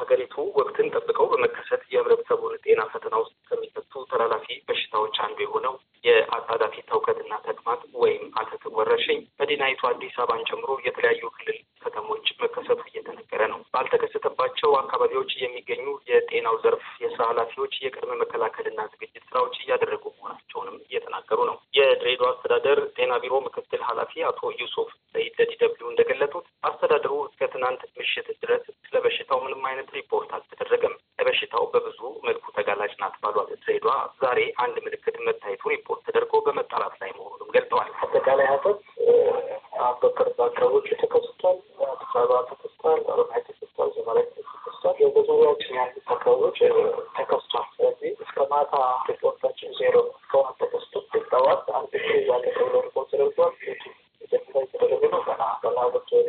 ሀገሪቱ ወቅትን ጠብቀው በመከሰት የህብረተሰቡን ጤና ፈተና ውስጥ ከሚከቱ ተላላፊ በሽታዎች አንዱ የሆነው የአጣዳፊ ተውከትና ተቅማጥ ወይም አተት ወረርሽኝ መዲናይቱ አዲስ አበባን ጨምሮ የተለያዩ ክልል ከተሞች መከሰቱ እየተነገረ ነው። ባልተከሰተባቸው አካባቢዎች የሚገኙ የጤናው ዘርፍ የስራ ኃላፊዎች የቅድመ መከላከልና ዝግጅት ስራዎች እያደረጉ መሆናቸውንም እየተናገሩ ነው። የድሬዳዋ አስተዳደር ጤና ቢሮ ምክትል ኃላፊ አቶ ዩሱፍ ሰይድ ለዲ እንደገለጡት አስተዳደሩ እስከ ትናንት ምሽት ድረስ ምንም አይነት ሪፖርት አልተደረገም። ለበሽታው በብዙ መልኩ ተጋላጭ ናት ባሏት ድሬዷ ዛሬ አንድ ምልክት መታየቱ ሪፖርት ተደርጎ በመጣራት ላይ መሆኑንም ገልጠዋል። አጠቃላይ ሀተት በቅርብ አካባቢዎች ተከስቷል። አዲስ አበባ ተከስቷል። ኦሮሚያ ተከስቷል። ዘመራ ተከስቷል። በዙሪያችን ያሉት አካባቢዎች ተከስቷል። ስለዚህ እስከ ማታ ሪፖርታችን ዜሮ እስከዋን ተከስቶ ጠዋት አንድ ያለ ተብሎ ሪፖርት ተደርጓል። የተደረገ ነው ገና ገና ወቶሪ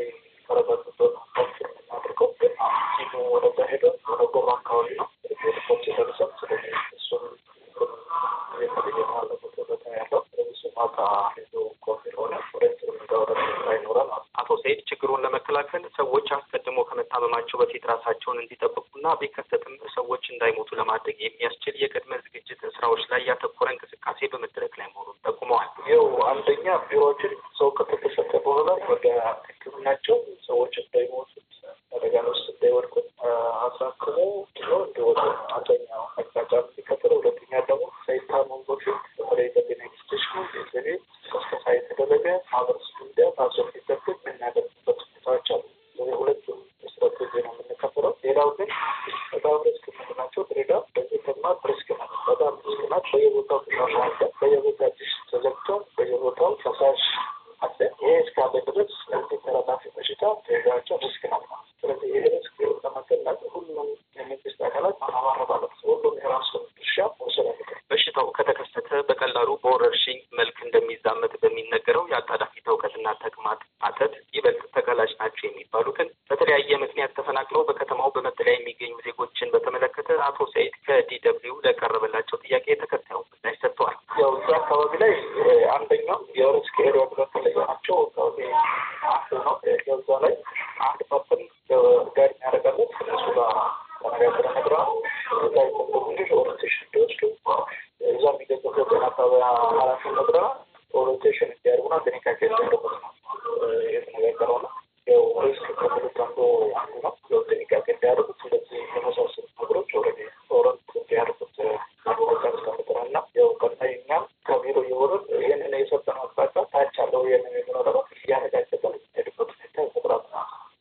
ጨዋታ ይዞ እኮ ስለሆነ ሁለቱንም እንዳይኖረን አቶ ሰይድ ችግሩን ለመከላከል ሰዎች አስቀድሞ ከመታመማቸው በፊት ራሳቸውን እንዲጠብቁና ቢከሰትም ሰዎች እንዳይሞቱ ለማድረግ የሚያስችል የቅድመ ዝግጅት ስራዎች ላይ ያተኮረ እንቅስቃሴ በመደረግ ላይ መሆኑን ጠቁመዋል። ይኸው አንደኛ ቢሮዎችን ሰው ከተከሰተ በኋላ ወደ ሕክምናቸው ሰዎች እንዳይሞቱት አደጋ ውስጥ እንዳይወድቁት አሳክሞ እንዲወጡ ካለ ድረስ ከዚህ ተላላፊ በሽታ ዜጋቸው ሪስክ ነው። ስለዚህ ይህ ሪስክ ለመቀነስ ሁሉም የመንግስት አካላት ማማረብ አለበት። ሁሉም የራሱ ድርሻ መውሰድ አለበት። በሽታው ከተከሰተ በቀላሉ በወረርሽኝ መልክ እንደሚዛመት በሚነገረው የአጣዳፊ ተውከትና ተቅማጥ፣ አተት ይበልጥ ተጋላጭ ናቸው የሚባሉትን በተለያየ ምክንያት ተፈናቅለው በከተማው በመጠለያ የሚገኙ ዜጎችን በተመለከተ አቶ ሰይድ ከዲደብሊው ለቀረበላቸው ጥያቄ ተከታዩ ምላሽ ሰጥተዋል። ያው እዛ አካባቢ ላይ አንደኛው የሪስክ ኤሪያ አማራቸውን ለብራ ኦሪንቴሽን እንዲያደርጉና ጥንቃቄ እንዲያደርጉ ነው የተነጋገረው ነው። ያው ሪስክ ከሚሉት አንዱ አንዱ ነው። ያው ጥንቃቄ እንዲያደርጉት እንደዚህ የመሳሰሉት ነገሮች ኦልሬዲ ኦረንት እንዲያደርጉት ማድረግ አስቀምጠናል እና ያው ቀጣይ እኛም ከቢሮ እየወረድ ይህንን የሰጠነው አቅጣጫ ታች ያለው ይህንን የሚኖረው እያረጋገጠን ድበት ተሰጥራት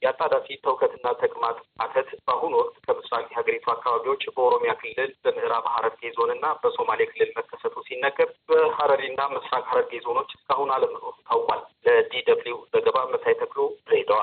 የአጣዳፊ ተውከትና ተቅማጥ አተት በአሁኑ ወቅት ከምስራቅ የሀገሪቱ አካባቢዎች በኦሮሚያ ክልል በምዕራብ ሐረርጌ ዞንና በሶማሌ ክልል መከሰቱ ሲነገር እና ምስራቅ ሐረርጌ ዞኖች እስካሁን አለመኖሩ ታውቋል። ለዲ ደብልዩ ዘገባ መሳይ ተክሎ ድሬዳዋ